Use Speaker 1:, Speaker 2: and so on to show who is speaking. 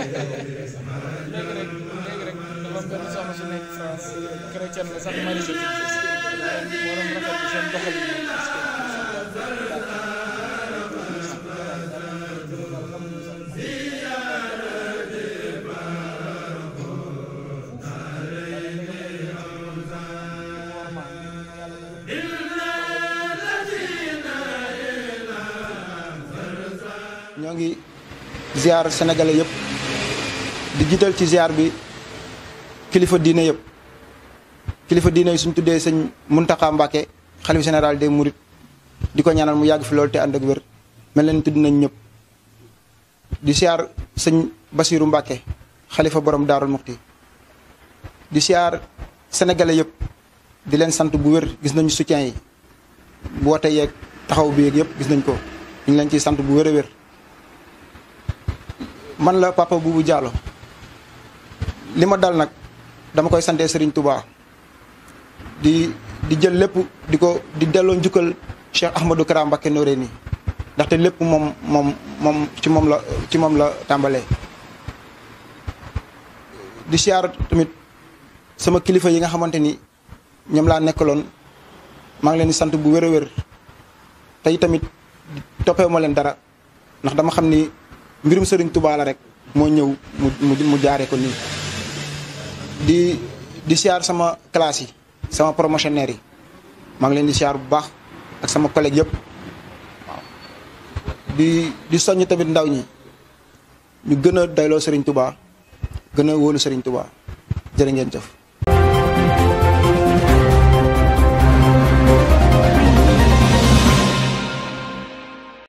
Speaker 1: léegi rek léegi rek dafa benn soxna su nekk France chrétien la sax marisa waroon rafetlu seen doxalin ñoo ngi ziar sénégalais yëpp di jiital ci ziar bi kilifa diine yëpp kilifa diine yi suñ tuddee sëñ Muntaxa Mbàkke xalif général des Mourides di ko ñaanal mu yàgg fi loolu te ànd ak wér mel nañ ñëpp di siyaar sëñ Basiiru Mbàkke xalifa borom Daarul Muxti di siyaar sénégalais yëpp di leen sant bu wér gis nañu soutien yi boote yeeg taxaw bi yeeg yëpp gis nañ ko ñu ngi leen ciy sant bu wér a wér man la Papa Boubou jaalo li ma dal nag dama koy sante Serigne Touba di di jël lépp di ko di delloo njukkal Cheikh Ahmadou Kara Mbacké Noreyni ndaxte lépp moom moom moom ci moom la ci moom la tàmbalee. di siyaar tamit sama kilifa yi nga xamante ni ñoom laa nekkaloon maa ngi leen di sant bu wér a wér tey tamit toppee ma leen dara ndax dama xam ni mbirum Serigne tubaa la rek moo ñëw mu mu jaaree ko nii. di di siyaar sama classe yi sama promotionnaire yi maa ngi leen di siyaar bu baax ak sama collègue yëpp waaw di di soññ tamit ndaw ñi ñu gën a dayloo Serigne Touba gën a wóolu Serigne Touba jërë ngeen jëf.